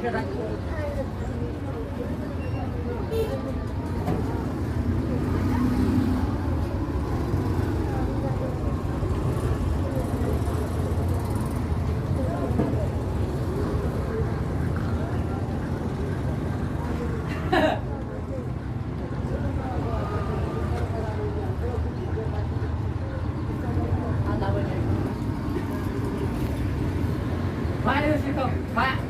Vai, Chicão, v a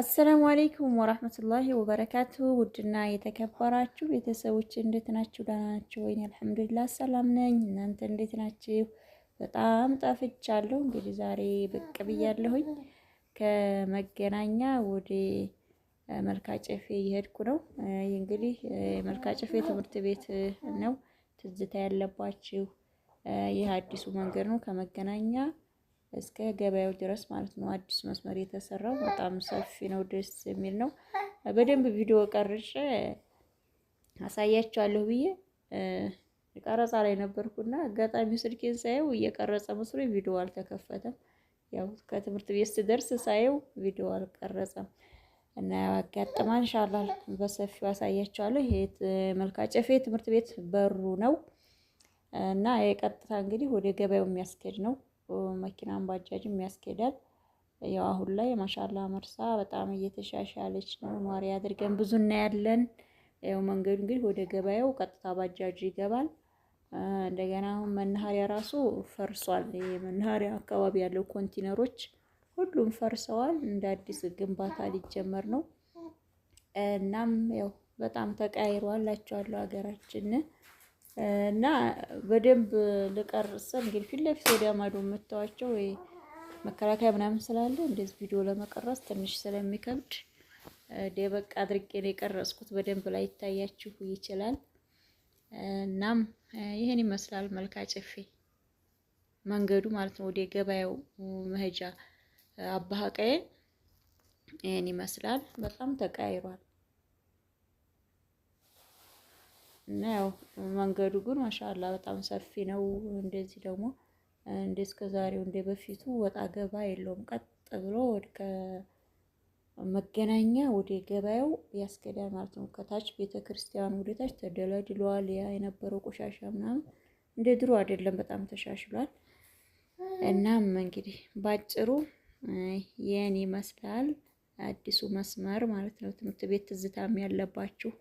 አሰላሙ አሌይኩም ወራህመቱላሂ ወበረካቱ። ውድና የተከበራችሁ ቤተሰቦች እንዴት ናችሁ? ደህና ናችሁ ወይ? አልሐምዱሊላህ ሰላም ነኝ። እናንተ እንዴት ናችሁ? በጣም ጠፍቻለሁ። እንግዲህ ዛሬ ብቅ ብያለሁኝ። ከመገናኛ ወደ መልካጨፌ እየሄድኩ ነው። እንግዲህ መልካጨፌ ትምህርት ቤት ነው። ትዝታ ያለባችሁ ይህ አዲሱ መንገድ ነው ከመገናኛ እስከ ገበያው ድረስ ማለት ነው። አዲስ መስመር የተሰራው በጣም ሰፊ ነው፣ ደስ የሚል ነው። በደንብ ቪዲዮ ቀርጬ አሳያችኋለሁ ብዬ ቀረጻ ላይ ነበርኩና አጋጣሚ ስልኬን ሳየው እየቀረጸ መስሎ ቪዲዮ አልተከፈተም። ያው ከትምህርት ቤት ስደርስ ሳየው ቪዲዮ አልቀረጸም እና ያጋጥማ እንሻላል። በሰፊው አሳያችኋለሁ። ይሄ መልካ ትምህርት ቤት በሩ ነው እና የቀጥታ እንግዲህ ወደ ገበያው የሚያስኬድ ነው። መኪናም ባጃጅም ያስኬዳል። ያው አሁን ላይ ማሻላ መርሳ በጣም እየተሻሻለች ነው። ማሪ አድርገን ብዙ እናያለን። ያው መንገዱ እንግዲህ ወደ ገበያው ቀጥታ ባጃጅ ይገባል። እንደገና አሁን መናኸሪያ ራሱ ፈርሷል። የመናኸሪያ አካባቢ ያለው ኮንቲነሮች ሁሉም ፈርሰዋል። እንደ አዲስ ግንባታ ሊጀመር ነው። እናም ያው በጣም ተቃይሯል ላቸዋለሁ ሀገራችን እና በደንብ ልቀር ስል እንግዲህ ፊት ለፊት ወዲያ ማዶ የምታዋቸው ወይ መከላከያ ምናምን ስላለ እንደዚህ ቪዲዮ ለመቀረጽ ትንሽ ስለሚከብድ ደበቅ አድርጌ ነው የቀረጽኩት። በደንብ ላይ ይታያችሁ ይችላል። እናም ይህን ይመስላል መልካ ጨፌ መንገዱ ማለት ነው። ወደ ገበያው መሄጃ አባሃቀዬ ይህን ይመስላል። በጣም ተቀያይሯል። እና ያው መንገዱ ግን ማሻላ በጣም ሰፊ ነው። እንደዚህ ደግሞ እንደ እስከ ዛሬው እንደ በፊቱ ወጣ ገባ የለውም። ቀጥ ብሎ ወደ መገናኛ ወደ ገበያው ያስገዳል ማለት ነው። ከታች ቤተ ክርስቲያን ወደ ታች ተደለድሏል። ያ የነበረው ቆሻሻ ምናምን እንደ ድሮ አይደለም፣ በጣም ተሻሽሏል። እናም እንግዲህ ባጭሩ ይህን ይመስላል አዲሱ መስመር ማለት ነው። ትምህርት ቤት ትዝታም ያለባችሁ